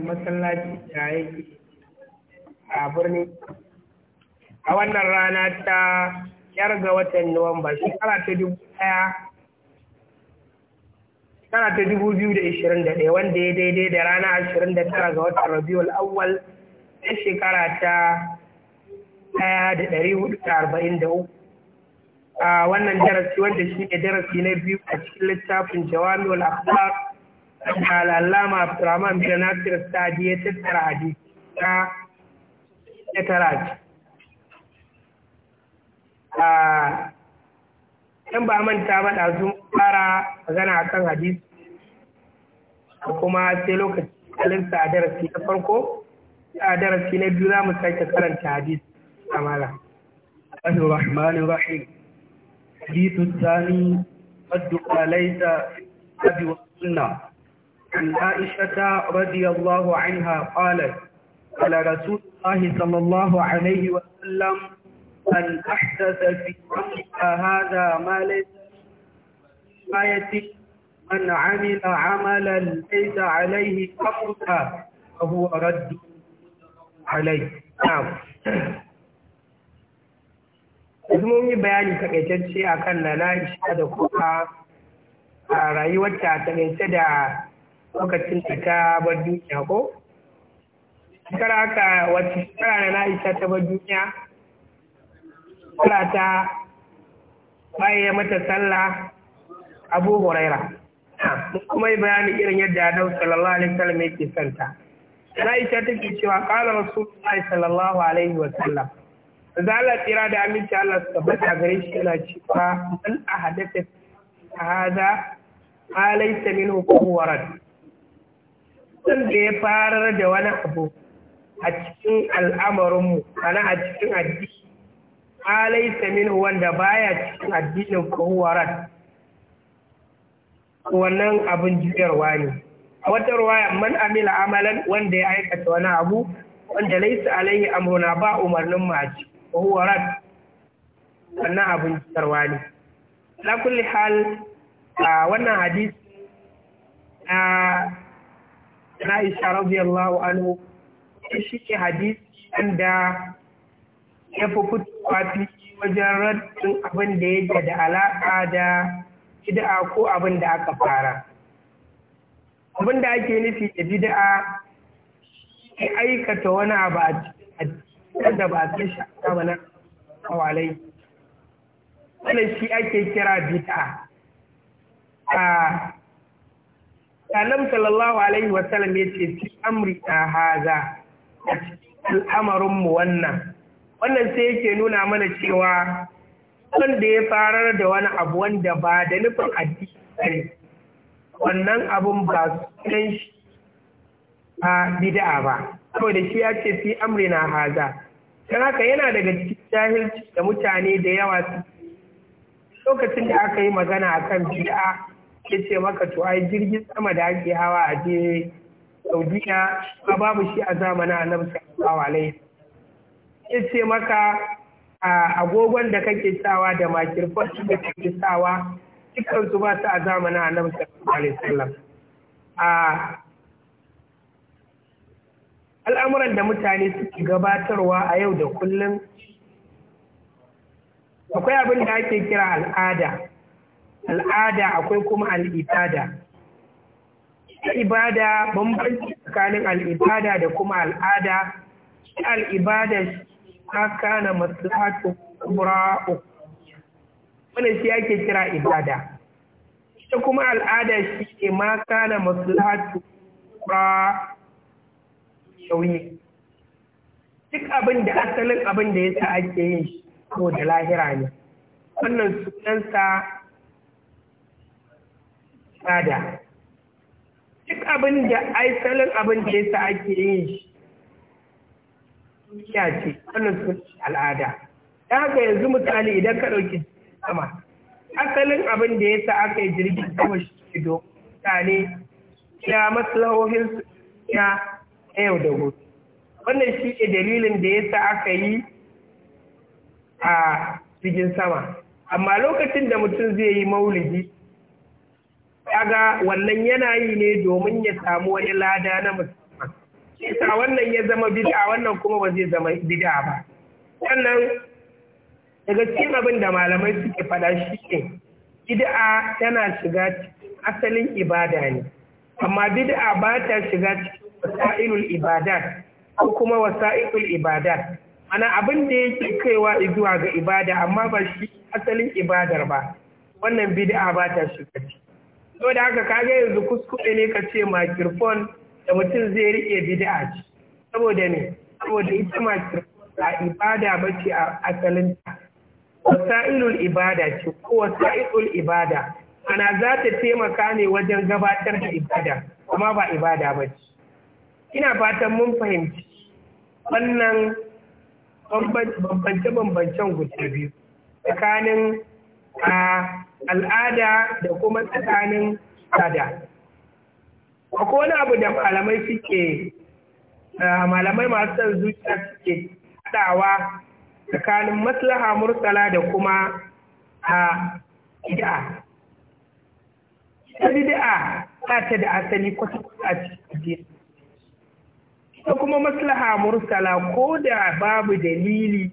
masallaci da yake a birni a wannan rana ta yar ga watan nuwamba shekara ta dubu daya shekara ta dubu biyu da ishirin da ɗaya wanda ya daidai da rana ashirin da tara ga watan rabiul awwal ta shekara ta ɗaya da ɗari hudu da arba'in da uku a wannan darasi wanda shi ne darasi na biyu a cikin littafin jawami'ul akhbar da al'allama abdurrahman bin nasir sadi ya tattara hadisi ta ya tara a yan ba manta ba da sun fara magana kan hadisi kuma sai lokaci kalinsa a darasi na farko a darasi na biyu za mu sake karanta hadisi kamala الرحمن الرحيم حديث الثاني قد ليس أبي والسنة عن عائشة رضي الله عنها قالت قال رسول الله صلى الله عليه وسلم أن أحدث في أمرك هذا ما ليس ما من عمل عملا ليس عليه أمرك فهو رد عليه نعم yanzu mun yi bayani takaitacce akan na na da kuma a rayuwar da lokacin da ta bar duniya ko shekara aka wata shekara na na'isa ta bar duniya kula ta bayan mata sallah Abu Huraira kuma yi bayani irin yadda Annabi sallallahu alaihi wasallam yake santa ta take cewa qala Rasulullahi sallallahu alaihi wasallam zala tsira da aminci Allah su tabbata gare shi yana cewa man ahadatha hadha ma laysa minhu huwa rad mutum da ya farar da wani abu a cikin al'amarinmu ana a cikin addini alaisa samin wanda baya cikin addinin kowaran wannan abin jiyarwa ne a wata ruwaya man amila amalan wanda ya aikata wani abu wanda laisa alaihi amruna ba umarnin maji kowaran wannan abin jiyarwa ne na kulli hal wannan hadisi Aisha radiyallahu anhu shi ke hadisi wanda ya fi kutuwa fili wajen raddin abin da yake da alaƙa da bid'a ko abin da aka fara. Abin da ake nufi da bid'a shi aikata wani abu a cikin da ba a kai shi a na kawalai. Wannan shi ake kira bid'a. annabi sallallahu alaihi wasallam ya ce fi amri a haza a al'amarin mu wannan wannan sai yake nuna mana cewa wanda ya farar da wani abu wanda ba da nufin addini ne wannan abun ba kan shi a bid'a ba saboda shi ya ce fi amri na haza don haka yana daga cikin jahilci da mutane da yawa su lokacin da aka yi magana akan bid'a ya ce maka to ai jirgin sama da ake hawa a je saudiya ba babu shi a zamanin annabi sallallahu alaihi ya ce maka a agogon da kake sawa da makirfon da kake sawa cikin su ba su a zamanin annabi sallallahu alaihi wasallam a al'amuran da mutane suke gabatarwa a yau da kullum akwai abin da ake kira al'ada al'ada akwai kuma al'ibada ibada bambanci tsakanin al'ibada da kuma al'ada shi al'ibada ta kana maslahatu kubra Wani shi yake kira ibada ita kuma al'ada shi ne ma kana maslahatu kubra shauyi duk abin da asalin abin da ya sa ake yin shi ko da lahira ne wannan sunansa tsada duk abin da ai salon abin da yasa ake yin shi ya ce wannan sun al'ada ta haka yanzu misali idan ka ɗauki sama asalin abin da yasa aka yi jirgin sama shi ke do mutane ya maslahohin su ya yau da gobe wannan shi ne dalilin da yasa aka yi a jirgin sama amma lokacin da mutum zai yi maulidi kaga wannan yana yi ne domin ya samu wani lada na musamman kisa wannan ya zama bid'a wannan kuma ba zai zama bid'a ba sannan daga cikin abin da malamai suke faɗa shi ne bid'a tana shiga cikin asalin ibada ne amma bid'a ba ta shiga cikin wasa'ilul ibadat ko kuma wasa'ilul ibadat ana abin da yake kaiwa zuwa ga ibada amma ba shi asalin ibadar ba wannan bid'a ba ta shiga ciki to da haka kaga yanzu kuskure ne ka ce makirfon da mutum zai rike bid'a ce saboda ne saboda ita makirfon ba ibada ba ce a asalinta wasa'ilul ibada ce ko wasa'ilul ibada ana za ta taimaka ne wajen gabatar da ibada kuma ba ibada ba ce ina fatan mun fahimci wannan bambance-bambancen guda biyu tsakanin a al'ada da kuma tsakanin sada akwai wani abu da malamai suke malamai masu son zuciya suke haɗawa tsakanin maslaha mursala da kuma a bid'a ita bid'a ba ta da asali kwata-kwata a cikin ita kuma maslaha mursala ko da babu dalili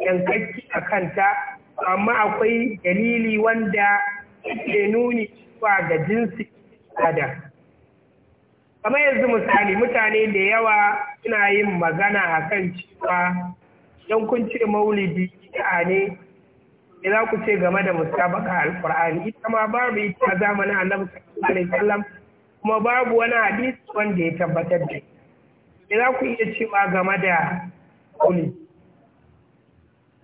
yankakki a kanta amma akwai dalili wanda ke nuni cewa ga jinsi tsada kamar yanzu misali mutane da yawa suna yin magana a kan cewa don kun ce maulidi a ne da za ku ce game da musabaka alkur'ani ita ma babu ita a zamanin annabi sallallahu kuma babu wani hadisi wanda ya tabbatar da da za ku iya cewa game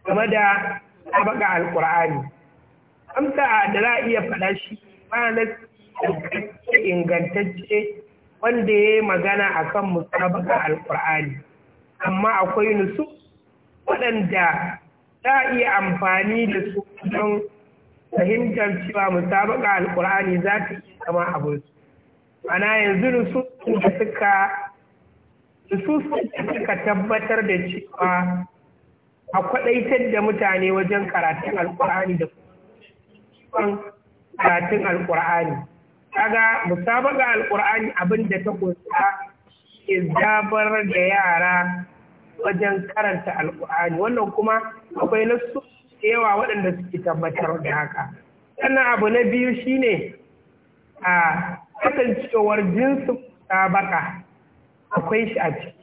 game da sabaka alkur'ani amsa da za a iya faɗa shi ba ma'anar ingantacce wanda ya yi magana a kan musabaka alkur'ani amma akwai nusu waɗanda za a iya amfani da su don fahimtar cewa musabaka alkur'ani za ta iya zama abin su ana yanzu nusu da suka suka tabbatar da cewa a kwaɗaitar da mutane wajen karatun alkur'ani da karatun alkur'ani kaga musabaka alkur'ani abin da ta kunsa ke zabar da yara wajen karanta alkur'ani wannan kuma akwai nasu yawa waɗanda suke tabbatar da haka sannan abu na biyu shine a kasancewar jinsin musabaka akwai shi a ciki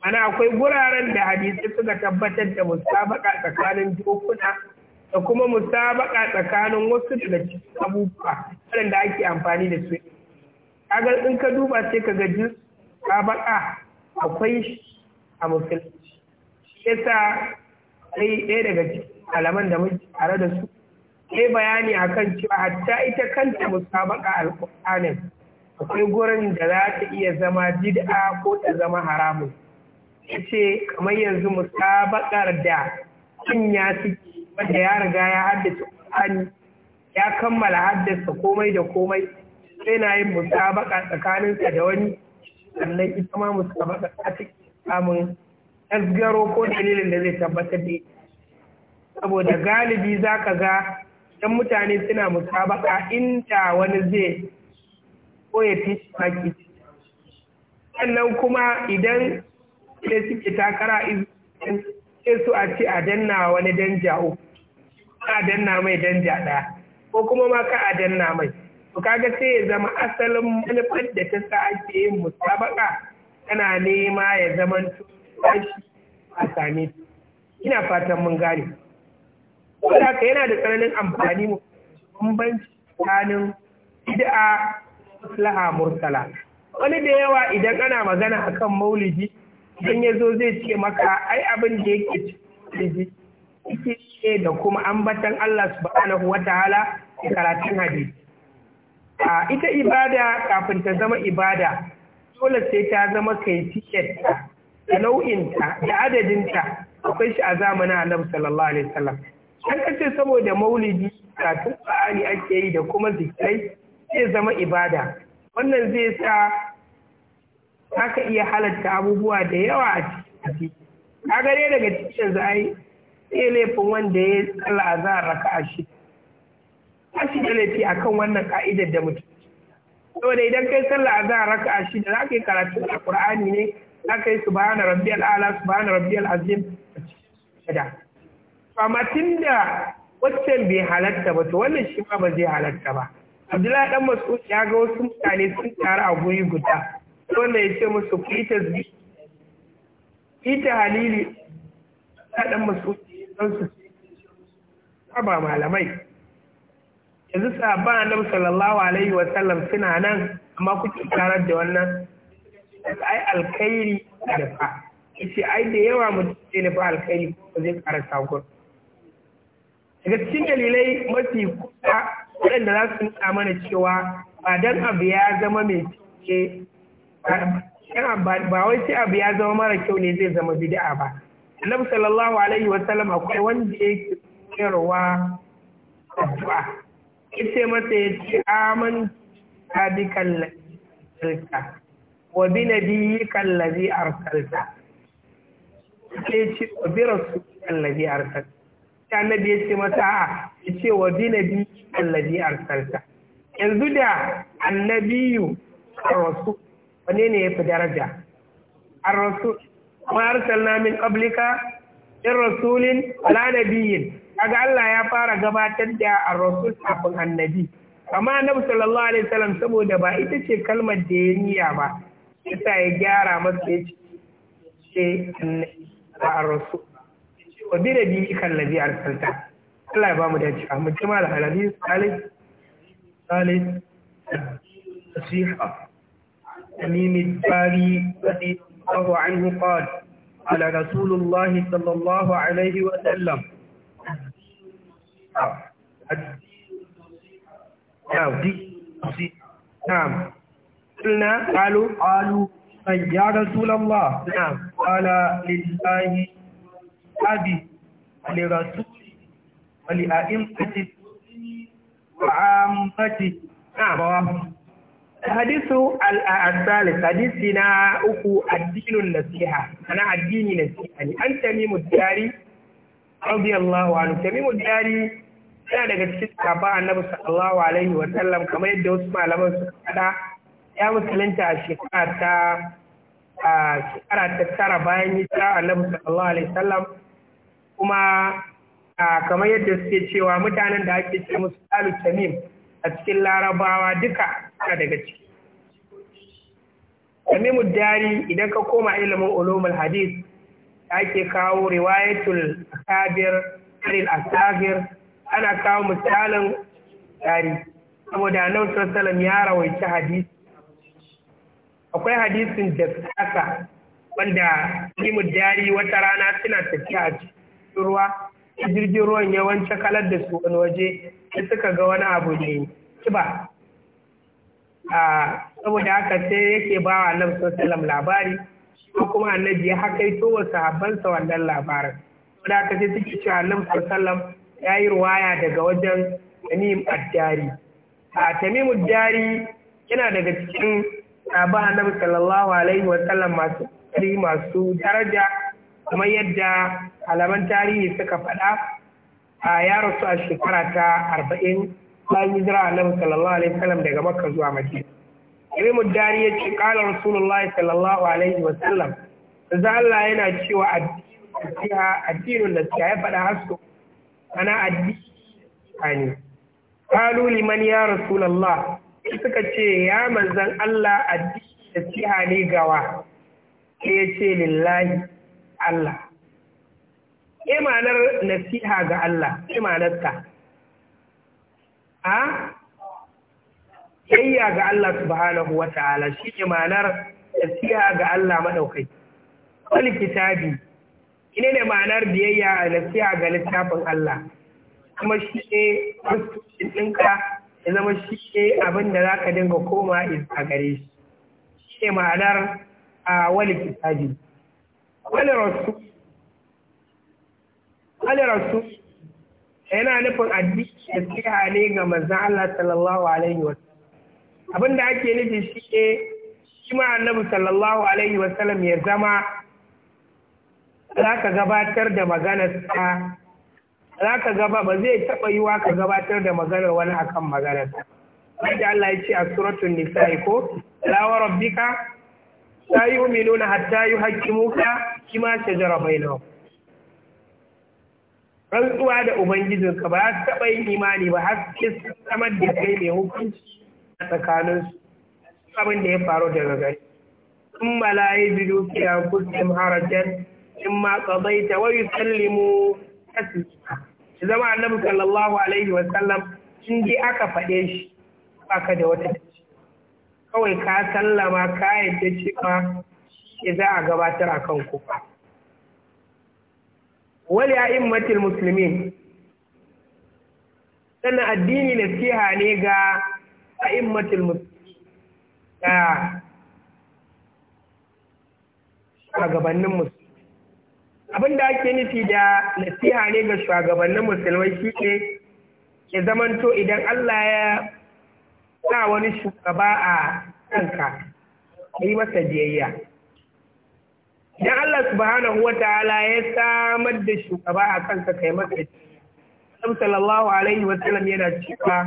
ana akwai guraren da hadisi suka tabbatar da musabaka tsakanin dokuna da kuma musabaka tsakanin wasu daga cikin abubuwa waɗanda ake amfani da su kaga in ka duba sai ka gaji musabaka akwai a musulunci yasa sai ɗaya daga cikin alaman da muke tare da su sai bayani akan cewa hatta ita kanta musabaka alƙur'anin akwai gurin da za ta iya zama bid'a ko ta zama haramun ya ce kamar yanzu musabakar da ya suke wanda ya riga ya haddace Qur'ani ya kammala haddasa komai da komai sai na yin musabaka tsakaninsa da wani sannan ita ma musabaka a samun tasgaro ko dalilin da zai tabbatar da ita saboda galibi za ka ga 'yan mutane suna musabaka inda wani zai ko ya fi sannan kuma idan sai suke takara izinin sai su a ce a danna wani danja uku ka danna mai danja ɗaya ko kuma ma ka a danna mai to kaga sai ya zama asalin manufar da ta sa ake yin musabaka tana nema ya zama tashi a same ina fatan mun gane ka yana da tsananin amfani mu bambanci tsakanin bid'a maslaha mursala wani da yawa idan ana magana akan maulidi idan ya zo zai ce maka ai abin da yake ciki ce da kuma ambatan Allah subhanahu wa ta'ala da karatun hadisi a ita ibada kafin ta zama ibada dole sai ta zama kai tiket da nau'inta da adadinta akwai shi a zamanin annabi sallallahu alaihi wasallam an kace saboda maulidi kafin qur'ani ake yi da kuma zikirai zai zama ibada wannan zai sa za ka iya halatta abubuwa da yawa a ciki ka gare daga cikin za a yi sai laifin wanda ya tsalla a za a raka a shi ta shi da laifi a kan wannan ka'idar da mutum saboda idan kai sallah a za a raka a shi da za ka yi karatu a ƙur'ani ne za ka yi subhana rabbiyal ala subhana rabbiyal azim a cikin da amma tun da waccan bai halatta ba to wannan shi ma ba zai halatta ba abdullahi dan mas'ud ya ga wasu mutane sun taru a guri guda dole ya ce musu ku yi tasbi halili ta ɗan masu dan su ba malamai yanzu sahabban annabi sallallahu alaihi wa sallam suna nan amma kuke tarar da wannan ai alkhairi da fa yace ai da yawa mutum ne nufa alkhairi ko zai ƙara sagon daga cikin dalilai mafi kusa waɗanda za su nuna mana cewa ba dan abu ya zama mai cike ba wai sai abu ya zama mara kyau ne zai zama bid'a ba annabi sallallahu alaihi wa sallam akwai wanda yake kirwa addu'a ita mata ya ce aman sadiqal silka wa bi nabiyyika allazi arsalta sai ce wa bi rasulika allazi arsalta sai annabi ya ce mata a ya ce wa bi nabiyyika allazi arsalta yanzu da annabiyu rasul wane ne ya fi daraja an rasul ma arsalna namin ƙablika in rasulin ala nabiyyin kaga Allah ya fara gabatar da a rasul kafin annabi amma annabi sallallahu alaihi wasallam saboda ba ita ce kalmar da ya niya ba yasa ya gyara masa ya ce ba ar-rasul ko bi nabiyyi kan ladhi arsalta Allah ya ba mu da ci amma kuma al-hadith salih salih nasiha تميم الداري رضي الله عنه قال قال رسول الله صلى الله عليه وسلم آه. آه. نعم قلنا قالوا قالوا يا رسول الله نعم قال لله أبي ولرسول ولأئمة وعامته نعم hadisu al-asalis hadisi na uku addinun nasiha ana addini nasiha ne an tamimu dari radiyallahu anhu tamimu dari yana daga cikin sahaba annabi sallallahu alaihi wa sallam kamar yadda wasu malaman suka faɗa ya musulunta a shekara ta shekara ta tara bayan hijira annabi sallallahu alaihi wa sallam kuma kamar yadda suke cewa mutanen da ake ce musu alu a cikin larabawa duka na daga ciki mu dari idan ka koma ilimin ulumul hadith ake kawo riwayatul akabir asagir ana kawo misalin dari saboda annabi sallallahu ya rawaita hadisi akwai hadisin da saka wanda mu dari wata rana suna tafiya a cikin ruwa jirgin ruwan yawanci kalar da su wani waje sai suka ga wani abu ne kiba saboda haka sai yake ba wa annabi sallallahu labari ko kuma annabi ya hakaito wa sahabbansa wannan labarin saboda haka sai suke cewa annabi sallallahu ya yi ruwaya daga wajen tamim addari a tamim addari yana daga cikin sabon annabi sallallahu alaihi wasallam masu kari masu daraja kamar yadda alaman tarihi suka faɗa a ya rasu a shekara ta arba'in bayan hijira annabi sallallahu alaihi wasallam daga makka zuwa madina ibn dari ya ce qala rasulullahi sallallahu alaihi wasallam za Allah yana cewa addinin da ya faɗa hasko ana addini qalu liman ya rasulullah suka ce ya manzan Allah addini da siha ne gawa sai ya ce lillahi Allah imanar nasiha ga Allah imanarsa a yayya ga Allah subhanahu wa ta'ala shi ne ma'anar nasiha ga Allah maɗaukai wani kitabi ine ne ma'anar biyayya a nasiha ga littafin Allah kuma shi ne kristosin ɗinka ya zama shi ne abin da za ka dinga koma a gare shi shi ne ma'anar a wani kitabi wani rasu wani rasu yana nufin addini ke ne ga mazan Allah sallallahu alaihi wasallam abin da ake nufi shi ne shi ma annabi sallallahu alaihi wasallam ya zama za ka gabatar da maganar sa za ka gaba ba zai taɓa yiwa ka gabatar da maganar wani akan maganar sa da Allah ya ce a suratul nisa'i ko la wa rabbika la yu'minuna hatta yuhaqqimuka kima shajara bainahum rantsuwa da ubangijinka ba ya su taɓa yin imani ba har sai samar da kai mai hukunci a tsakaninsu abin da ya faru daga gari in malayi biyu dukiya kusurin harajen in ma tsabai ta wayu sallimu kasu shi zama annabi sallallahu alaihi wa sallam in dai aka faɗe shi baka da wata tace kawai ka sallama ka yadda cewa shi za a gabatar akan kuka wali a'immatil musulmi sannan addini nasiha ne ga a'immatil muslimin da shugabannin musulmi abin da ake nufi da nasiha ne ga shugabannin musulmai shi ne ya zamanto idan Allah ya sa wani shugaba a kanka yi masa jiyayya. idan Allah subhanahu wa ta'ala ya samar da shugaba a kansa kai masa Annabi sallallahu alaihi wa sallam yana cewa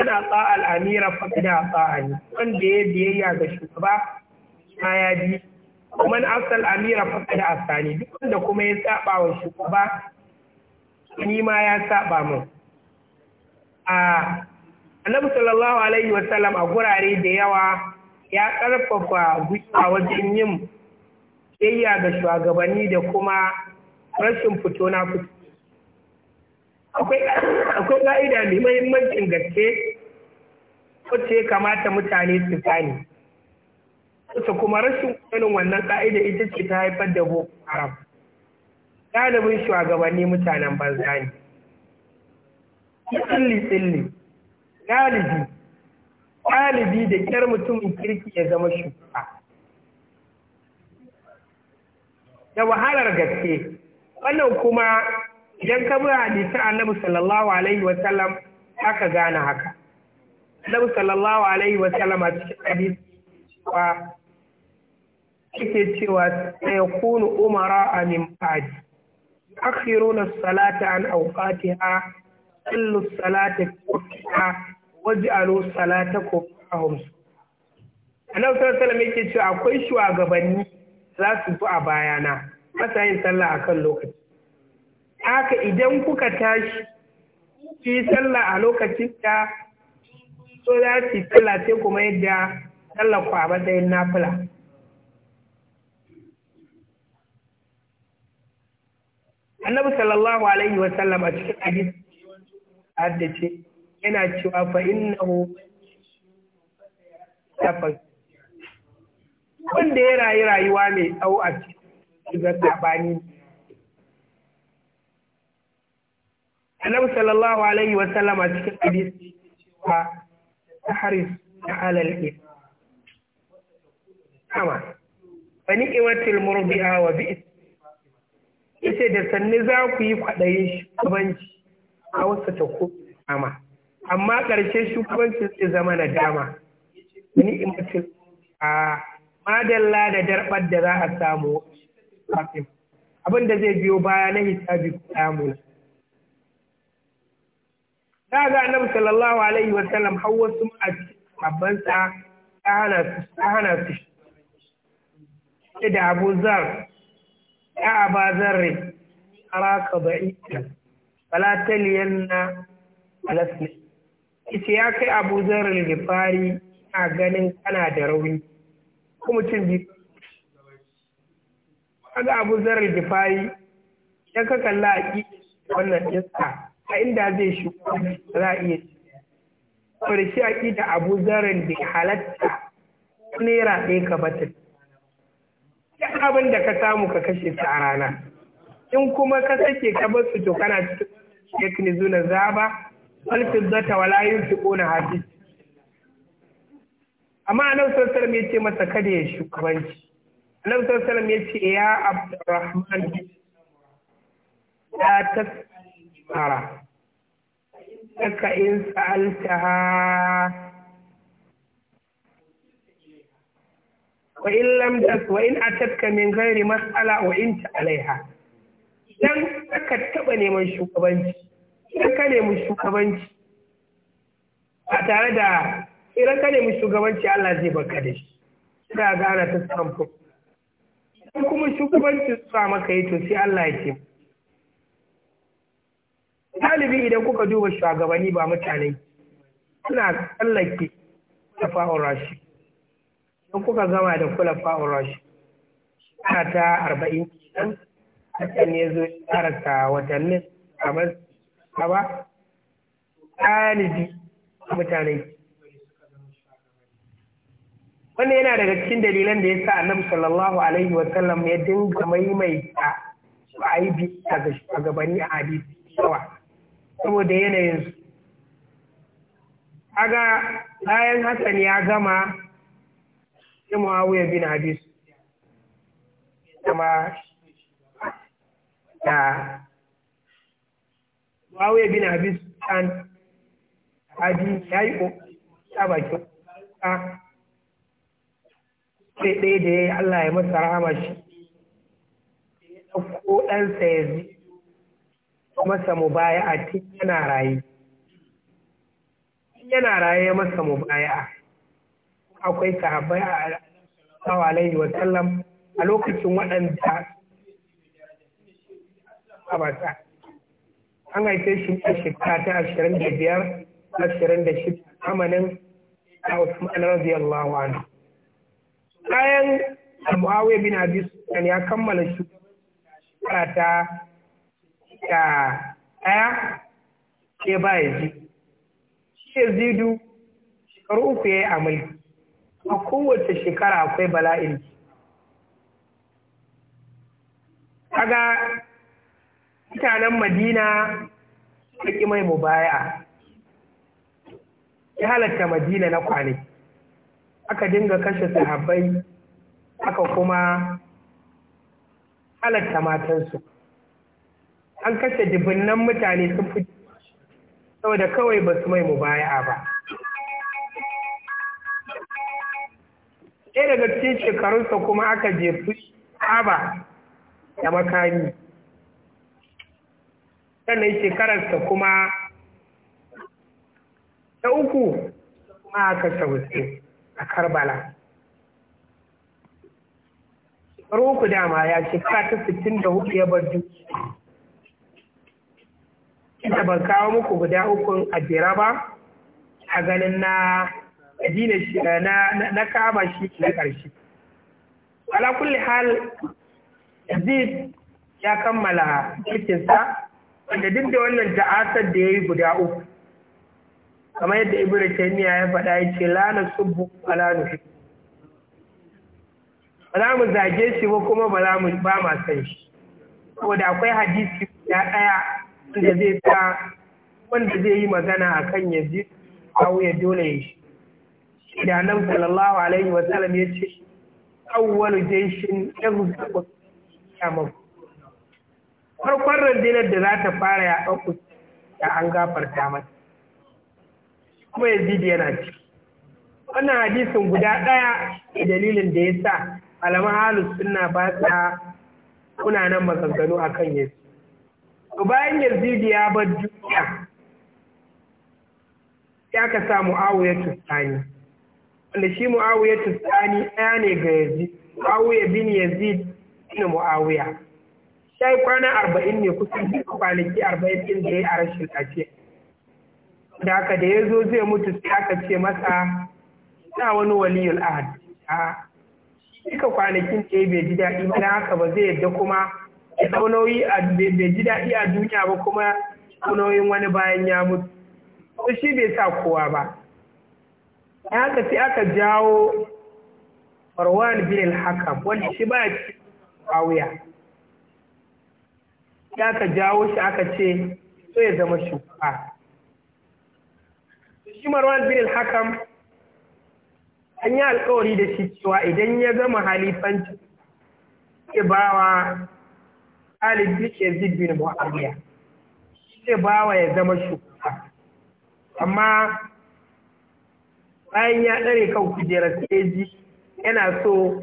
ana tsa al'amira fa kada tsa'ani wanda ya biyayya ga shugaba ma ya bi man asal amira fa kada asani duk wanda kuma ya saba wa shugaba ni ma ya saba min a Annabi sallallahu alaihi wa sallam a gurare da yawa ya karfafa gwiwa wajen yin ƙiyayya ga shugabanni da kuma rashin fito na fito akwai ƙa'ida mai mahimmancin gaske wacce ya kamata mutane su gane Kusa kuma rashin kwanin wannan ƙa'ida ita ce ta haifar da boko haram ɗalibin shugabanni mutanen banza ne tsilli-tsilli galibi galibi da kyar mutumin kirki ya zama shugaba da wahalar gaske wannan kuma idan ka bi hadisin annabi sallallahu alaihi wa sallam aka gane haka annabi sallallahu alaihi wa sallam a cikin hadisi wa yake cewa kunu umara a min ba'di akhiruna as-salata an awqatiha sallu as-salata waqtiha waj'alu salatakum a annabi sallallahu alaihi wa sallam yake cewa akwai shugabanni za su fi a bayana masa yin sallah a kan lokaci haka idan kuka tashi yi sallah a lokacin ta so za su yi sallah sai kuma yadda sallah ku a matsayin nafila annabi sallallahu alaihi wa sallam a cikin hadisi yana cewa fa innahu tafas wanda ya rayu rayuwa mai tsawo a cikin sabani Annabi sallallahu alaihi wa sallama cikin hadisi cewa tahris ala al-ib kama bani ni'matul murbi'a wa bi Ise da sanni za ku yi kwaɗayin shugabanci a wasu ta ko ama amma ƙarshe shugabancin zai zama na dama ni'matul a madalla da darɓar da za a samu kafin abin da zai biyo baya na hisabi samu na ga annabi sallallahu alaihi wa sallam har wasu a sa ta hana su ta hana su da Abu Zar ya Aba Zarri araka da'ika fala taliyanna alasni ita ya kai Abu Zarri al-Ghifari a ganin kana da rauni kuma mutum bi kaga abu zarar gifayi ya ka kalla a ƙi wannan iska a inda zai shigo za a iya ci kwari shi a ƙi da abu zarar da halatta naira ɗaya ka batin duk abin da ka samu ka kashe su a rana in kuma ka sake ka bar su to kana cikin yakni zuna zaba alfizzata wala ƙona hafiz amma annabi sallallahu alaihi wasallam ya ce masa kada ya shugabanci annabi sallallahu alaihi wasallam ya ce ya abdurrahman ya tasara saka in ha. in wa'in lamdas in a tafka min gari matsala in ta alaiha idan aka taɓa neman shugabanci idan ka nemi shugabanci ba tare da idan ka nemi shugabanci Allah zai baka da shi sai ga ana ta samun idan kuma shugabanci sa maka yi to sai Allah ya ce talibi idan kuka duba shugabanni ba mutane suna tsallake kulafa'un rashi idan kuka gama da kula kulafa'un rashi ana ta arba'in kenan hakan ne zo ya karasa watannin kamar ba galibi mutane wannan yana daga cikin dalilan da ya sa annabi sallallahu alaihi wa sallam ya dinga maimaita aibi daga shugabani a hadisi yawa saboda yanayin su aga bayan Hassan ya gama sai Muawiya bin Abi kuma da Muawiya bin Abi an Abi yayi ko ta baki a sai ɗaya da ya yi Allah ya masa rahama shi ya ɗauko ɗansa ya zi masa mu baya a tun yana raye yana raye ya masa mu baya akwai sahabbai a sallallahu alaihi wa sallam a lokacin waɗanda a basa. an haife shi a shekara ta ashirin da biyar ashirin da shida amanin a Usman radiyallahu anhu bayan Muawiya bin abis kan ya kammala shekara ta ta ɗaya ke ba ji, shi Yazidu shekaru uku ya yi a mulki a kowace shekara akwai bala'in kaga mutanen Madina suka ƙi mai mubaya ya halatta Madina na kwanaki aka dinga kashe sahabbai aka kuma halatta matansu an kashe dubunnan mutane sun fi saboda kawai ba su mai baya ba ɗaya daga cikin shekarunsa kuma aka jefi aba da makami sannan shekararsa kuma ta uku ma aka sauce a karbala ku dama ya ce ta sittin da ya bar duk ban kawo muku guda ukun a jera ba a ganin na Madina shi na na kama shi na ƙarshe. Ala kulli hal Yazid ya kammala cikinsa wanda duk da wannan ta'asar da ya yi guda uku kamar yadda ibnu taymiya ya faɗa ya ce la nasubbu ala nufi." ba za mu zage shi ba kuma ba za mu ba ma san shi saboda akwai hadisi ya ɗaya wanda zai ta wanda zai yi magana akan ya ji kawo ya dole ya shi da nan sallallahu alaihi wa sallam ya ce awwal jayshin yaghzabu kiyamah farkon rundunar da za ta fara ya ɗauku da an gafarta mata kuma Yazidi yana ci wannan hadisin guda ɗaya da dalilin da ya sa alaman halus suna ba sa kuna nan maganganu a kan yazid bayan yazid ya bar duniya ya ka sa ya tussani wanda shi ya tussani ɗaya ne ga mu'awu ya bin yazid ne ya. sai kwana arba'in ne kusan kwanaki arba'in da ya yi a rashin lafiya da aka da ya zo zai mutu sai aka ce masa na wani waliyul ahad a duka kwanakin da bai ji daɗi ba haka ba zai yadda kuma ya ɗaunoyi bai ji daɗi a duniya ba kuma ɗaunoyin wani bayan ya mutu ko shi bai sa kowa ba haka sai aka jawo farwan bin al-Hakam shi ba ci wuya sai aka jawo shi aka ce so ya zama shugaba shi marwan bin al-hakam an yi alkawari da shi cewa idan ya zama halifanci ke bawa Khalid bin Yazid bin Muawiya shi bawa ya zama shugaba amma bayan ya ɗare kan kujerar teji yana so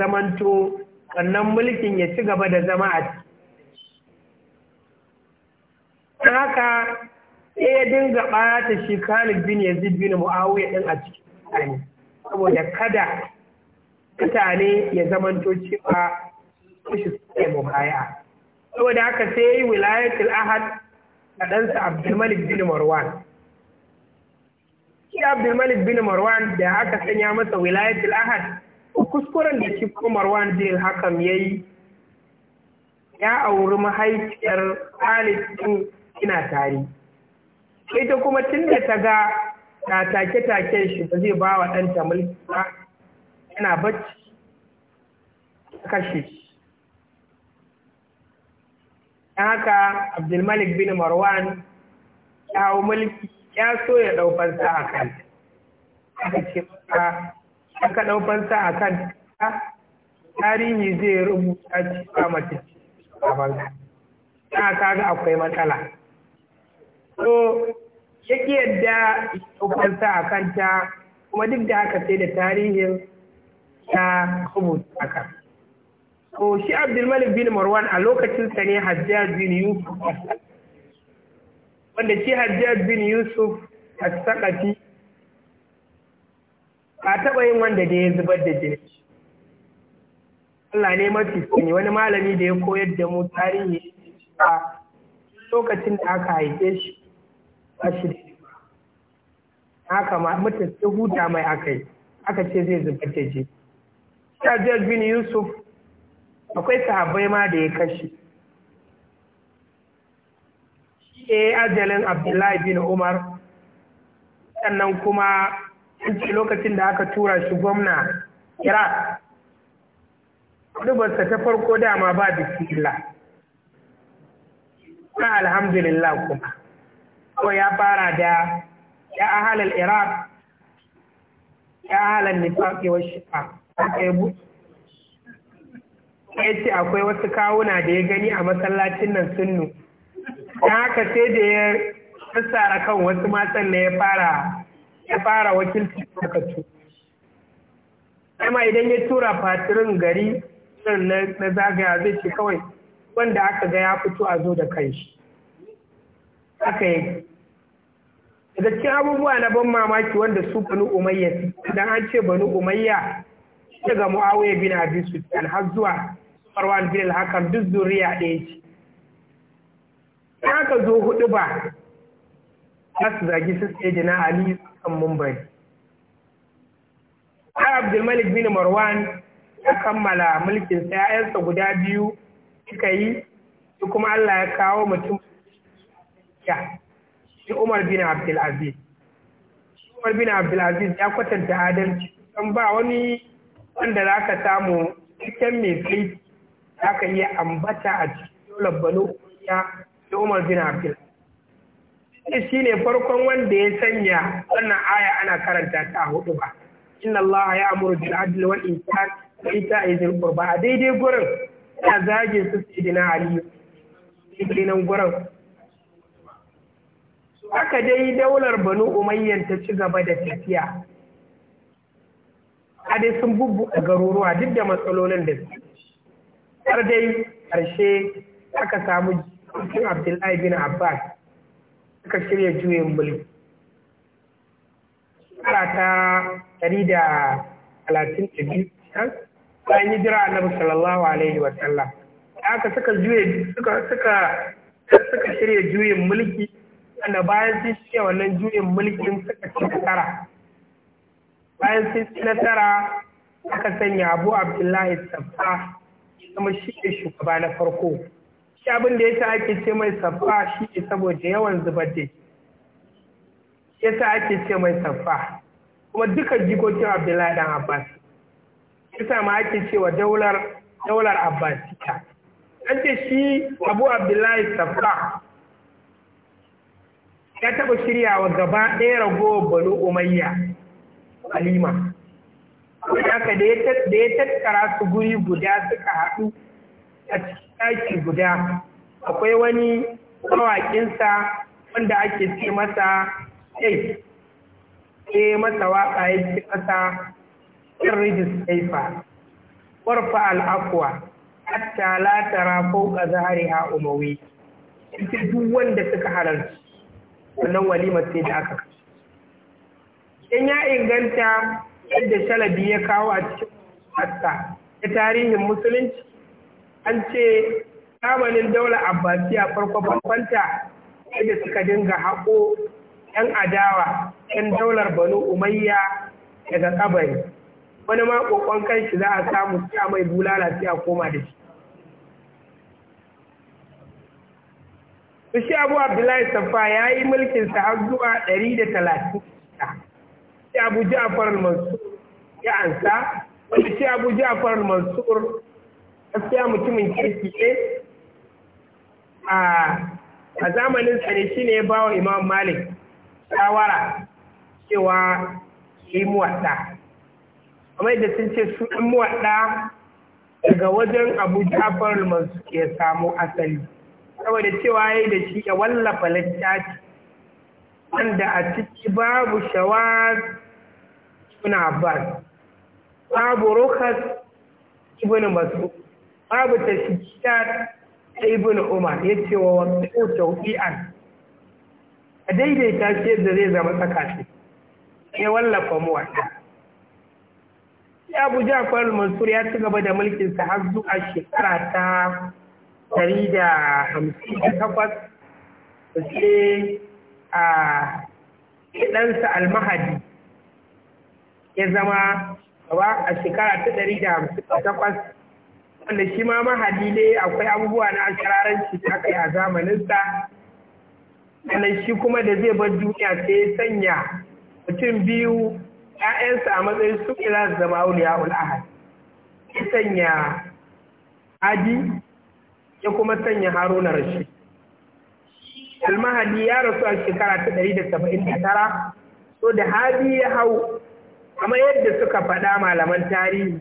zamanto wannan mulkin ya ci gaba da zama a ciki haka sai ya dinga ɓata shi Khalid bin Yazid bin Muawiya din a cikin mutane, saboda kada mutane ya zamanto cewa kushi suke baya saboda haka sai ya yi wilayatul ahad da ɗansa Abdulmalik bin Marwan shi Abdulmalik bin Marwan da aka sanya masa wilayatul ahad kuskuren da shi kuma Marwan bin Hakam yayi ya auri mahaifiyar Khalid din ina tare ita kuma tun da ta ga ta take take shi ba zai ba wa ɗanta mulki ba yana bacci kashe shi ta haka abdulmalik bin marwan ya hau mulki ya so ya ɗaufan sa a kan aka ce ba ka ɗaufan sa a kan tarihi zai rubuta cikin mace a banka ta kaga akwai matsala so ya yadda ɗaukansa a kanta kuma duk da haka sai da tarihin ta rubuta haka So shi abdulmalik bin marwan a sa ne Hajjiyar bin yusuf wanda shi Hajjiyar bin yusuf a sakafi ba taɓa yin wanda da ya zubar da jini Allah ne mafi sani wani malami da ya koyar da mu tarihi a lokacin da aka haife shi ba haka ma mutum huta mai akai aka ce zai zubar da ji Shajjaj bin Yusuf akwai sahabbai ma da ya kashe shi ne ajalin Abdullahi bin Umar sannan kuma lokacin da aka tura shi gwamna kira. dubarsa ta farko dama ba bismillah na alhamdulillah kuma ko ya fara da ya ahalal iraq ya ahalal nifaqi wa shifa ya ce akwai wasu kawuna da ya gani a masallacin nan sunnu ta haka sai da ya sassara kan wasu matan na ya fara ya fara wakilci takatu ma idan ya tura fatirin gari na zagaya zai ce kawai wanda aka ga ya fito a zo da kanshi aka yi da cikin abubuwa na ban mamaki wanda su banu umayya dan an ce banu umayya daga muawiya bin abi sufyan har zuwa farwan bin al-hakam duk zuriya ɗaya ce Ina aka zo hudu ba za su zagi su tsaye na ali kan mumbai har abdulmalik bin marwan ya kammala mulkin sa 'ya'yansa guda biyu suka yi kuma allah ya kawo mutum ya shi Umar bin Abdul Aziz Umar bin Abdul Aziz ya kwatanta adalci dan ba wani wanda zaka samu cikin mai kai zaka iya ambata a cikin dole balo ya da Umar bin Abdul Aziz shi ne farkon wanda ya sanya wannan aya ana karanta ta a hudu ba inna Allah ya amuru bil adli wal ihsan wa ita'i dhil qurba daidai gurin ya zage su sidina Ali cikin nan gurin haka dai daular banu umayyan ta ci gaba da tafiya a dai sun a garuruwa duk da matsalolin da su har dai ƙarshe aka samu jikin abdullahi bin abbas aka shirya juyin mulki shekara ta ɗari da talatin da biyu bayan hijira annabi sallallahu alaihi wa sallam aka suka juye suka suka suka shirya juyin mulki waɗanda bayan sun shi wannan juyin mulkin suka ci tara, bayan sun ci tara aka sanya abu abdullahi saffa kuma shi ne shugaba na farko shi abin da yasa ake ce mai saffa shi ne saboda yawan zubar da yasa ake ce mai saffa kuma duka jikokin abdullahi dan abbas yasa ma ake cewa daular daular abbasita an ce shi abu abdullahi saffa ya taɓa wa gaba ɗaya ragowar banu umayya halima haka da ya tattara su guri guda suka haɗu a cikin guda akwai wani mawaƙinsa wanda ake ce masa hey ke masa waƙa ya ce masa in rijis saifa warfa al'akwa hatta latara ko ƙazari ha ita duk wanda suka halarci wannan walima sai da aka kashe in ya inganta yadda shalabi ya kawo a cikin hatta ta tarihin musulunci an ce zamanin daular Abbasi a farko bambanta yadda suka dinga haƙo 'yan adawa 'yan daular banu umayya daga kabari wani ma ƙoƙon kanshi za a samu sai mai bulala sai a koma da shi to shi abu abdullahi saffa ya yi sa har zuwa ɗari da talatin shi abu ja'far al-mansur ya ansa wanda shi abu ja'far al-mansur gaskiya mutumin kirki ne a zamanin sa ne shine ya bawa imam malik shawara cewa yi muwadda kamar yadda sun ce su ɗan muwadda daga wajen abu ja'far al-mansur ya samu asali saboda cewa ya yi da shi ya wallafa littafi wanda a ciki babu shawaz suna Abbas babu rukas ibn Mas'u, babu ta ibn Umar ya ce wa waqtu tawfi'an a daidaita shi da zai zama tsakashi ya wallafa mu wata Ya Abu Ja'far mansur ya ci gaba da mulkin sa har zuwa shekara ta ɗari da hamsin da takwas sai a ɗansa almahadi ya zama gaba a shekara ta ɗari da hamsin da takwas wanda shi ma mahadi ne akwai abubuwa na shararanci da aka yi a zamaninsa sannan shi kuma da zai bar duniya sai ya sanya mutum biyu ‘ya'yansa a matsayin su za su zama auliya ul'ahad ya sanya adi ya kuma sanya haruna rashi almahadi ya rasu a shekara ta ɗari da saba'in da tara so da hadi ya hau kamar yadda suka faɗa malaman tarihi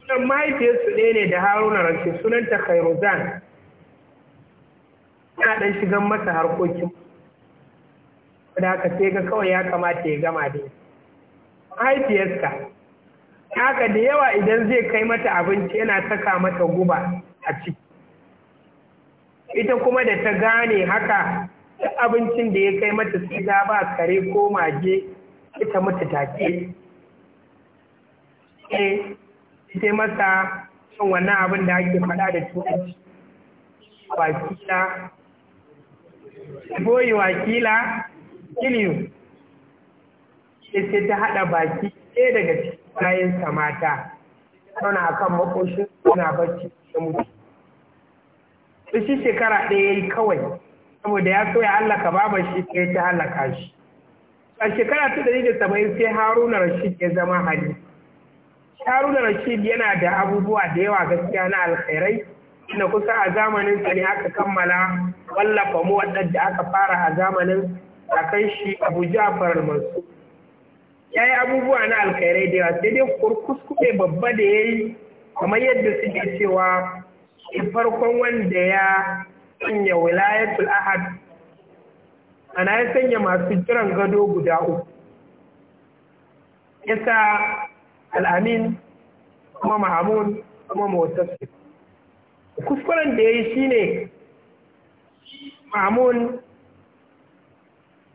sunan mahaifiyarsu ɗaya ne da haruna rashi sunan ta khairuzan yana ɗan shigan masa harkokin da haka sai ga kawai ya kamata ya gama da mahaifiyarsa haka da yawa idan zai kai mata abinci yana saka mata guba a ciki ita kuma da ta gane haka ta abincin da ya kai mata sai ta ba kare ko mage ita mata take eh sai masa cin wannan abin da ake faɗa da turanci wakila boyi wakila kiliyu sai ta haɗa baki ɗaya daga cikin bayan samata tana akan makoshin suna bacci da mutu to shi shekara ɗaya ya yi kawai saboda ya so ya hallaka baban shi sai ta hallaka shi a shekara ta ɗari da saba'in sai haruna rashid ya zama hali haruna rashid yana da abubuwa da yawa gaskiya na alkhairai inda kusa a zamanin sa ne aka kammala wallafa mu da aka fara a zamanin kakan shi abu ja'far masu ya yi abubuwa na alkhairai da yawa sai dai kurkuskure babba da ya yi kamar yadda suke cewa farkon wanda ya sanya wilayatul ahad ana ya sanya masu jiran gado guda uku yasa al'amin kuma mahamun kuma motarsu kuskuren da ya yi shi ne mahamun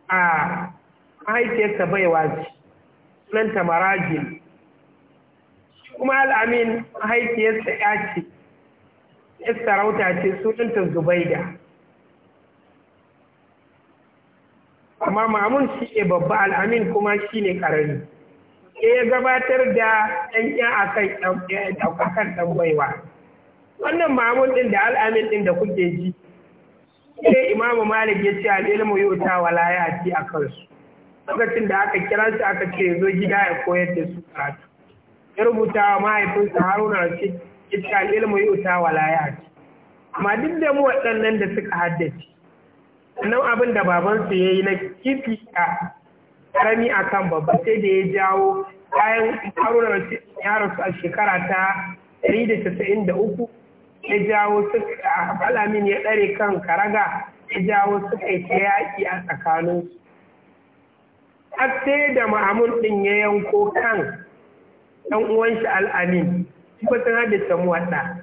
a mahaifiyarsa baiwa ce sunanta marajin kuma al'amin mahaifiyarsa ya ce ya sarauta ce sunanta zubaida amma mamun shi ne babba al'amin kuma shi ne ƙarari ya gabatar da ɗan ya a ɗaukakan ɗan baiwa wannan mamun ɗin da al'amin ɗin da kuke ji Ke imamu malik ya ce al'ilmu yau ta walaya ce a kansu lokacin da aka kira shi aka ce zo gida ya koyar da su karatu ya rubuta wa mahaifinsa haruna rashid iska ilmu yuta wala ya'ti amma duk da mu waɗannan da suka haddace nan abin da babansu ya yi na kifi a karami akan kan babba sai da ya jawo bayan haruna rasu a shekara ta 193 ya jawo suka alamin ya ɗare kan karaga ya jawo suka yi ta yaƙi a tsakaninsu sai da ma'amun ɗin ya yanko kan ɗan uwanshi al'amin shi da samu halitta wanda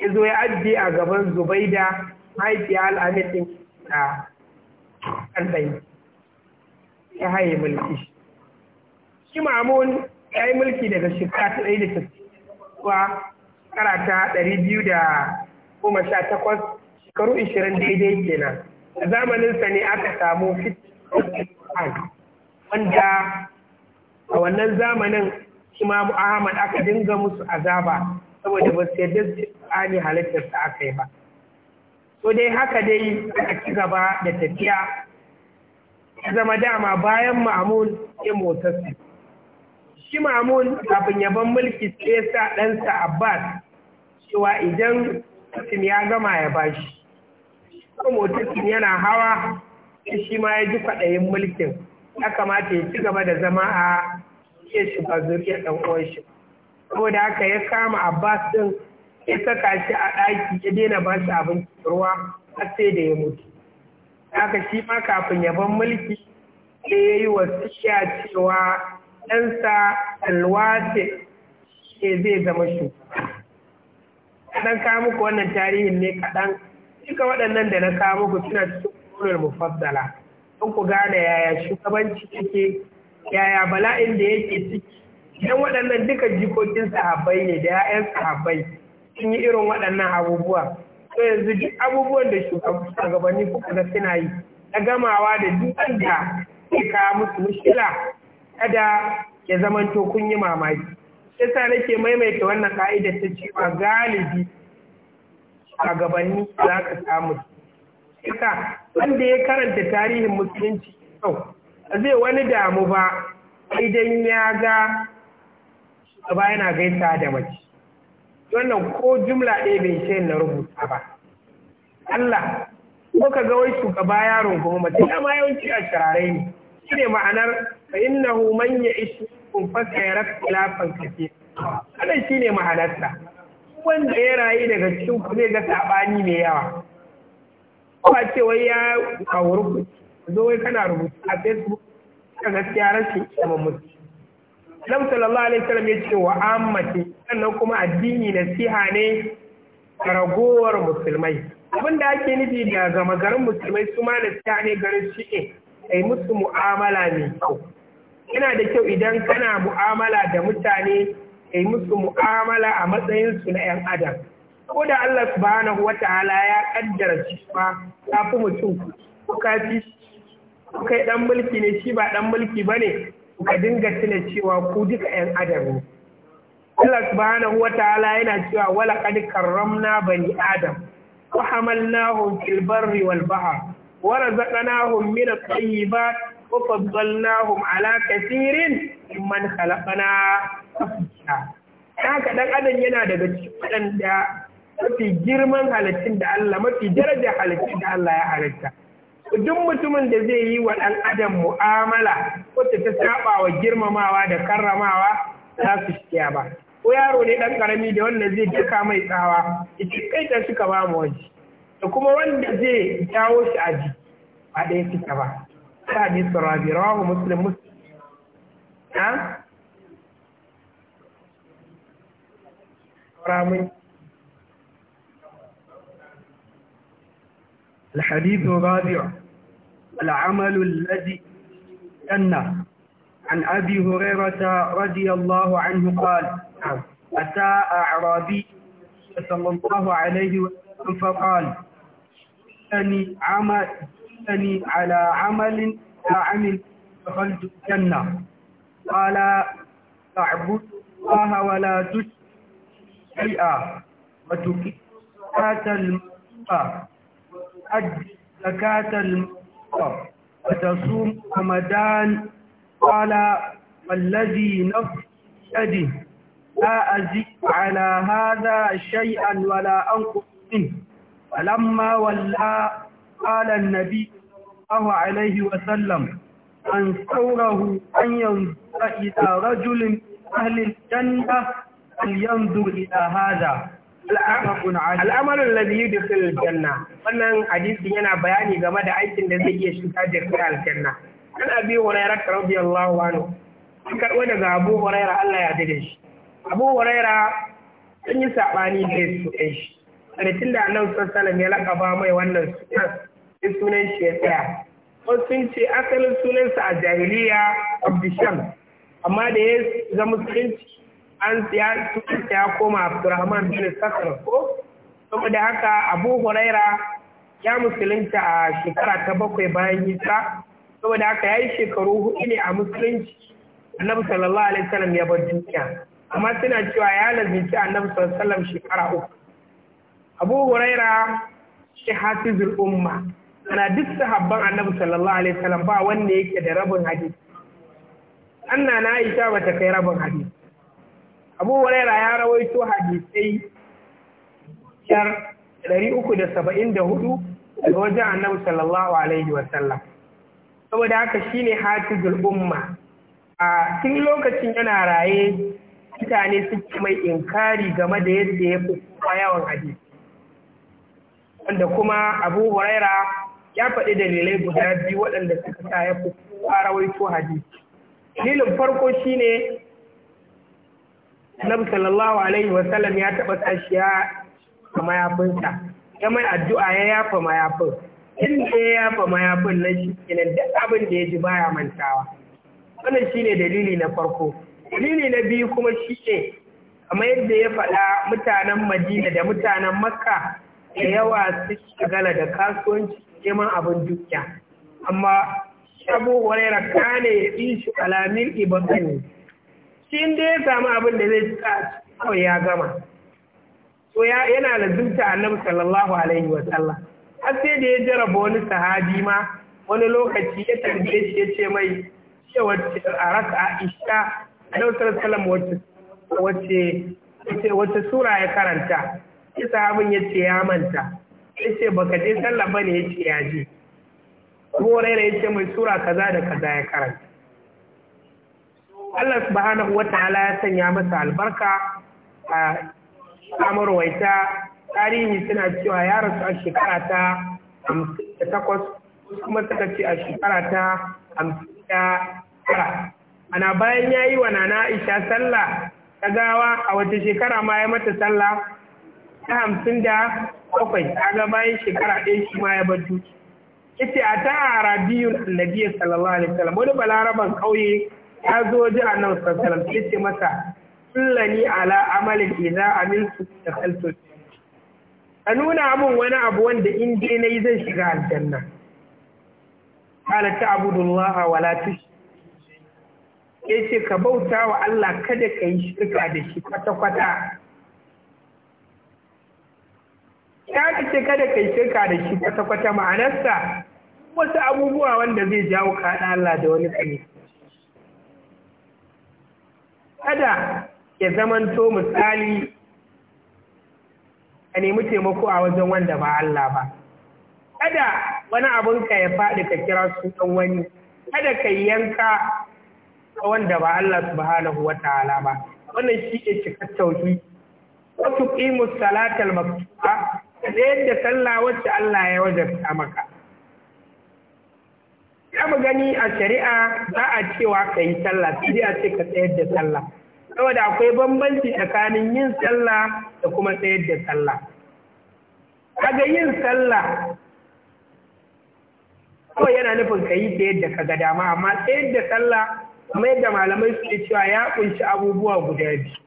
ya zo ya ajiye a gaban zubaida mahaifiya al'amitin da albai ya haye mulki shi ma'amun ya yi mulki daga shekara ta ɗaya da tafi zuwa ɗari biyu da goma sha takwas shekaru ishirin daidai kenan a zamaninsa ne aka samu fit wanda a wannan zamanin imamu ahmad aka dinga musu azaba saboda ba su yadda halittar halittarsa aka yi ba so dai haka dai aka ci gaba da tafiya ya zama dama bayan ma'amun ya su. shi ma'amun kafin yaban mulki sai sa ɗansa abbas cewa idan mutum ya gama ya bashi Kuma motarsa yana hawa shi ma ya ji kwaɗayin mulkin ya kamata ya ci gaba da zama a iya shi ba zuriyar ɗan uwan shi saboda haka ya kama Abbas din ya saka shi a ɗaki ya daina ba shi abin ruwa har sai da ya mutu haka shi ma kafin ya ban mulki sai ya yi wasiya cewa ɗansa alwace ke zai zama shi kaɗan kawo muku wannan tarihin ne kaɗan duka waɗannan da na kawo muku suna cikin ƙorar mufassala don ku gane yaya shugabanci yake yaya bala'in da yake ciki idan waɗannan duka jikokin sahabbai ne da 'ya'yan sahabbai sun yi irin waɗannan abubuwa to yanzu duk abubuwan da shugabanni kuka ga suna yi na gamawa da duk da ya kawo musu mushkila kada ya zamanto kun yi mamaki yasa nake maimaita wannan ka'ida ta cewa galibi shugabanni za ka samu yasa wanda ya karanta tarihin musulunci kyau zai wani damu ba idan ya ga shugaba yana gaisa da mace wannan ko jumla ɗaya bai ce na rubuta ba Allah ko ka ga wai shugaba yaron kuma mace ma yawanci a shirare ne shi ne ma'anar fa innahu man ya ishi kun fasa ya rafi lafan kafe wannan shi ne ma'anarsa wanda ya rayu daga cikin ku zai ga saɓani mai yawa ko a ce wai ya kawurku zo wai kana rubutu a facebook kan gaskiya rashin kyaman mutu Annabi sallallahu alaihi wasallam ya ce wa ammati sannan kuma addini na nasiha ne ragowar musulmai abin da ake nufi da gama garin musulmai su ma siha ne garin ne, ai musu mu'amala mai kyau yana da kyau idan kana mu'amala da mutane ai musu mu'amala a matsayin su na yan adam ko da Allah subhanahu wataala ya kaddara shi ma ta fi mutum ko ka fi ko kai dan mulki ne shi ba ɗan mulki bane ka dinga tuna cewa ku duka yan adam ne Allah subhanahu wa ta'ala yana cewa wala qad karramna bani adam wa hamalnahum fil barri wal bahr wa razaqnahum min at-tayyibat wa faddalnahum ala kathirin mimman khalaqna haka dan adam yana daga cikin waɗanda mafi girman halittun da Allah mafi darajar halittun da Allah ya halitta duk mutumin da zai yi wa ɗan adam mu'amala wacce ta saba wa girmamawa da karramawa za su shiya ba ko yaro ne ɗan ƙarami da wanda zai daka mai tsawa ita kai ta suka ba mu waje da kuma wanda zai jawo shi a jiki ba ɗaya suka ba ta su rabi rawahu muslim muslim ha ramin الحديث الرابع العمل الذي أن عن أبي هريرة رضي الله عنه قال أتى أعرابي صلى الله عليه وسلم فقال أني عمل أني على عمل عمل دخلت الجنة قال تعبد الله ولا تشرك شيئا وتكفى المرأة تؤدي زكاة المفطر وتصوم رمضان قال والذي نفس يده لا أزيد على هذا شيئا ولا أنقص منه فلما ولى قال النبي صلى الله عليه وسلم عن ثوره أن ينظر إلى رجل من أهل الجنة فلينظر إلى هذا al'amarin labiyu da sun janna wannan hadisi yana bayani game da aikin da zai iya shiga da kai aljanna an abi hurairah radiyallahu anhu an karɓo daga abu hurairah Allah ya dade shi abu hurairah sun yi sabani da su ɗin shi da tun da annabi sallallahu ya lakaba mai wannan sunan sunan shi ya tsaya wasu sun ce asalin sunansa a jahiliya abdisham amma da ya zama musulunci an ya koma abdurrahman bin sakar ko saboda haka abu huraira ya musulunta a shekara ta bakwai bayan hijira saboda haka ya yi shekaru hudu ne a musulunci annabi sallallahu alaihi wasallam ya bar duniya amma suna cewa ya lazimci annabi sallallahu alaihi wasallam shekara uku abu huraira shi hafizul umma ana duk sahabban annabi sallallahu alaihi wasallam ba wanda yake da rabin hadisi anna na aisha bata kai rabin hadisi abu ya rawaito hadisai yar 374 daga wajen annabi sallallahu alaihi wa sallam. saboda haka shine hatijul umma a tun lokacin yana raye mutane suke mai inkari game da yadda ya fi yawan hadisi wanda kuma abu huraira ya faɗi dalilai guda biyu waɗanda suka sa ya rawaito hadisi dalilin farko shine annabi sallallahu alaihi wasallam ya taba sashi ya mayafin mayafinsa ya mai addu'a ya yafa mayafin inda ya yafa mayafin na shi kenan duk abin da ya ji baya mantawa wannan shine dalili na farko dalili na biyu kuma shi ne kamar yadda ya faɗa mutanen madina da mutanen makka da yawa su shagala da kasuwanci neman abin dukiya amma abu hurairah kane ya fi shi alamin ibadani shi da ya samu abin da zai cika kawai ya gama to yana da a annabi sallallahu alaihi wa sallam har sai da ya jaraba wani sahabi ma wani lokaci ya tambaye shi ya ce mai wacce a raka isha annabi sallallahu alaihi wace wacce sura ya karanta shi sahabin ya ce ya manta ya ce baka je sallah bane ya ce ya je ko raira ya ce mai sura kaza da kaza ya karanta Allah subhanahu wa ta'ala ya sanya masa albarka a waita tarihi suna cewa ya rasu a shekara ta takwas kuma suka ce a shekara ta tara ana bayan ya yi wa nana aisha sallah ta gawa a wata shekara ma ya mata sallah ta hamsin da bakwai ga bayan shekara ɗaya shi ma ya bar ita yace a ta arabiyun annabi sallallahu alaihi wasallam wani balaraban kauye ya zo ji a nan sassalam ya ce mata sullani ala amalin idza amintu da kaltoci a nuna min wani abu wanda in dai na yi zan shiga aljanna halatta abudullaha wala tush ya ce ka bauta wa Allah kada ka yi shirka da shi kwata-kwata ya ce kada ka yi shirka da shi kwata-kwata ma'anarsa wasu abubuwa wanda zai jawo kaɗa Allah da wani tsaye kada ya zamanto misali a nemi taimako a wajen wanda ba Allah ba kada wani abun ka ya faɗi ka kira su ɗan wani kada ka yi yanka a wanda ba Allah su subhanahu wa ta'ala ba wannan shi ke cika tauhi wa tuqimu salatal maktuba da yadda sallah wacce Allah ya wajen maka za mu gani a shari'a za a cewa ka yi sallah sai dai a ce ka tsayar da sallah saboda akwai bambanci tsakanin yin sallah da kuma tsayar da sallah kaga yin sallah kawai yana nufin ka yi tsayar yadda ka ga dama amma tsayar da sallah kuma yadda malamai suke cewa ya kunshi abubuwa guda biyu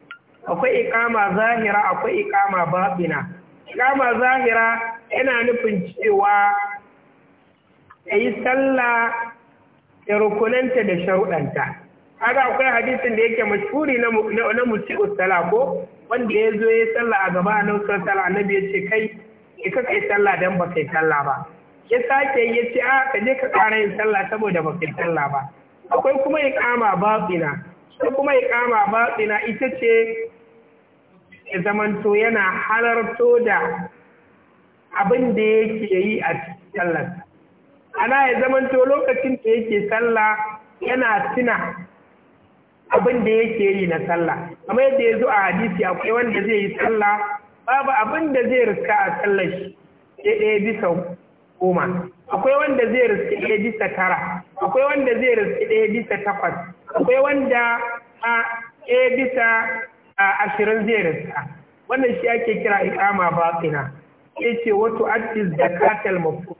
akwai ikama zahira akwai ikama batina ikama zahira yana nufin cewa ta yi sallah da rukunanta da sharuɗanta haka akwai hadisin da yake mashuri na na ustala ko wanda ya zo ya salla a gaba a nausar sallah annabi ya ce kai ya kaka yi sallah dan ba kai sallah ba ya sake ya ce a ah, ka je ka ƙara yin sallah saboda ba kai sallah ba akwai kuma iqama ina sai kuma iqama ita ce ya zamanto yana halarto da abin da yake yi a cikin sallarsa ana ya zamanto lokacin da yake sallah yana tuna abin da yake yi na sallah kamar yadda ya zo a hadisi akwai wanda zai yi sallah babu abin da zai riska a sallah shi sai ɗaya bisa goma akwai wanda zai riski ɗaya bisa tara akwai wanda zai riski ɗaya bisa takwas akwai wanda a ɗaya bisa ashirin zai riska wannan shi ake kira ikama batina sai ce wato atis zakatal mafus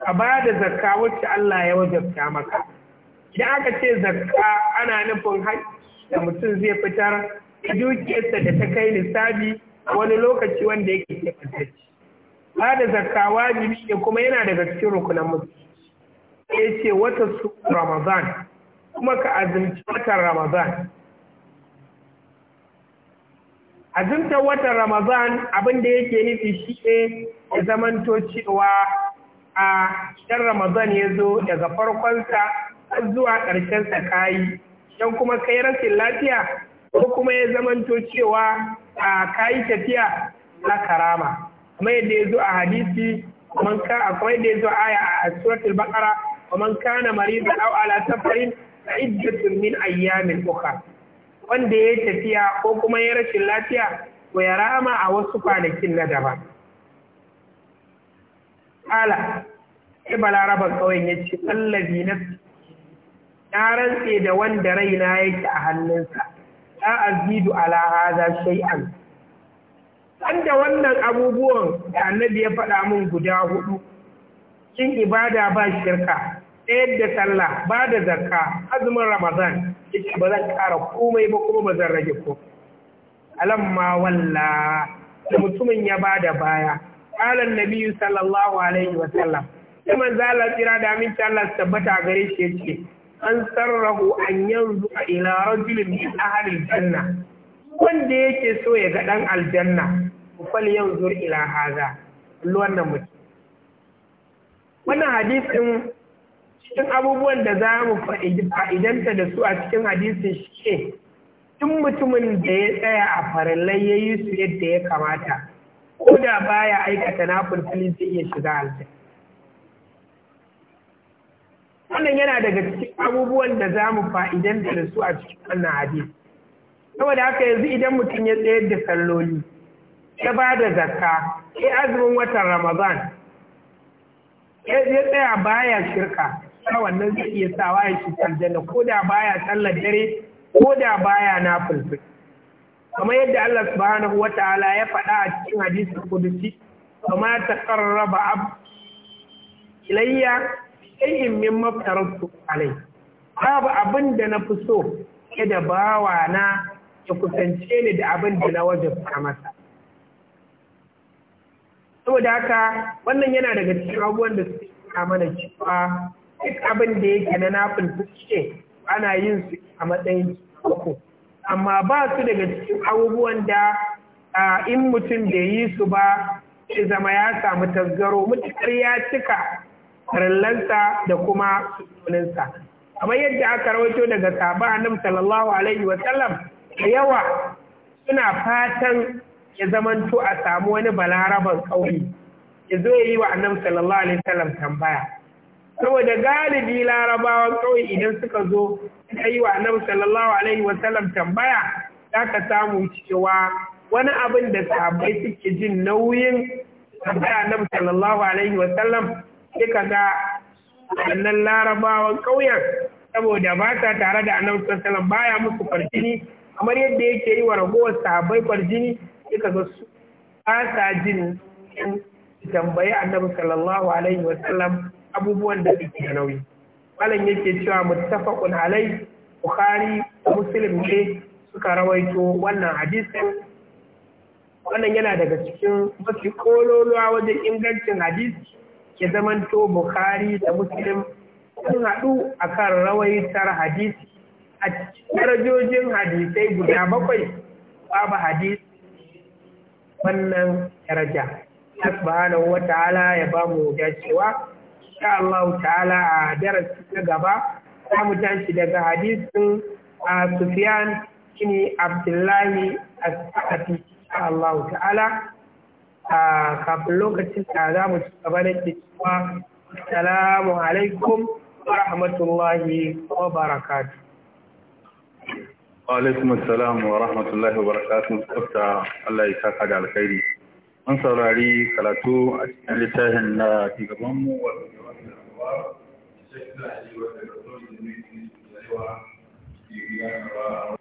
ka ba da zakka wacce Allah ya wajabta maka idan aka ce zakka ana nufin haƙƙi da mutum zai fitar da dukiyarsa da ta kai lissafi wani lokaci wanda yake ke fitacci ba da zakka wajibi ne kuma yana daga cikin rukunan mutum ya ce wata su ramadan kuma ka azumci watan ramadan azumtar watan ramadan abin da yake nufi shi ne ya zamanto cewa a dan ramadan ya zo daga farkonsa har zuwa ƙarshen ka yi don kuma kai rashin lafiya ko kuma ya zamanto cewa a kayi tafiya na karama kuma yadda ya zo a hadisi kuma yadda ya zo aya a suratul baqara kuma kana maridan aw ala safarin iddatun min ayyamin ukhra wanda ya tafiya ko kuma ya rashin lafiya ko ya rama a wasu kwanakin na gaba kala sai balaraban kawai ya ce tsallabi na na rantse da wanda raina yake a hannunsa la azidu ala hadha shay'an da wannan abubuwan da annabi ya faɗa min guda hudu cin ibada ba shirka tsayar da sallah ba da zakka azumin ramadan ce ba zan ƙara komai ba kuma ba zan rage ko alamma walla da mutumin ya ba da baya قال nabi sallallahu alaihi عليه وسلم manzo زال tsira da aminci شاء الله a gare shi yace an sarrahu an yanzu a ila rajulin min ahli janna wanda yake so ya ga dan aljanna fal yanzu ila haza wannan mutum wannan hadisin cikin abubuwan da za mu fa'idanta da su a cikin hadisin shi ne, tun mutumin da ya tsaya a farallai ya su yadda ya kamata, ko da baya aikata na fulfilin zai iya shiga aljanna wannan yana daga cikin abubuwan da za mu fa'idan da su a cikin wannan hadisi saboda haka yanzu idan mutum ya tsayar da salloli ya ba da zakka ya azumin watan ramadan ya tsaya baya shirka ta wannan zai iya sawa ya shi aljanna ko da baya sallar dare ko da baya na kamar yadda Allah subhanahu wata'ala ya faɗa a cikin hadisin kudusi kama taqarraba ab ilayya min mimma su alai babu abin da na fi so da bawa na ya kusance ni da abin da na a masa saboda haka wannan yana daga cikin abubuwan da suke nuna mana cewa duk abin da yake na nafin ce ana yin su a matsayin uku amma ba su daga cikin abubuwan da in mutum bai yi su ba shi zama ya samu tasgaro mutukar ya cika rallansa da kuma sununinsa amma yadda aka rawaito daga saba annabi sallallahu alaihi wa da yawa suna fatan ya zamanto a samu wani balaraban kauye ya zo ya yi wa annabi sallallahu alaihi wa tambaya saboda galibi larabawan kawai idan suka zo suka yi wa annabi sallallahu alaihi wa sallam tambaya za ka samu cewa wani abin da sahabbai suke jin nauyin tambaya annabi sallallahu alaihi sallam sai ka ga wannan larabawan kauyen saboda ba ta tare da annabi sallallahu alaihi wasallam baya musu kwarjini kamar yadda yake yi wa ragowar sahabbai kwarjini sai ka ga su ba sa jin tambayi annabi sallallahu alaihi wa sallam abubuwan da suke da nauyi malam yake cewa muttafaqun alai bukhari da muslim ne suka rawaito wannan hadisin wannan yana daga cikin mafi kololuwa wajen ingancin hadisi ke zamanto bukhari da muslim sun haɗu a kan rawaitar hadisi a darajojin hadisai guda bakwai babu hadisi wannan daraja subhanahu wa ta'ala ya ba mu dacewa insha Allah ta'ala a darasi na gaba za mu tashi daga hadisin a Sufyan shine Abdullahi as-Sa'di insha Allah ta'ala a kafin lokacin da za mu ci gaba da cewa assalamu alaikum wa rahmatullahi wa barakatuh wa alaikum assalam wa rahmatullahi wa barakatuh Tsofta Allah ya saka da alkhairi an saurari karatu a cikin littafin na ke gabanmu wata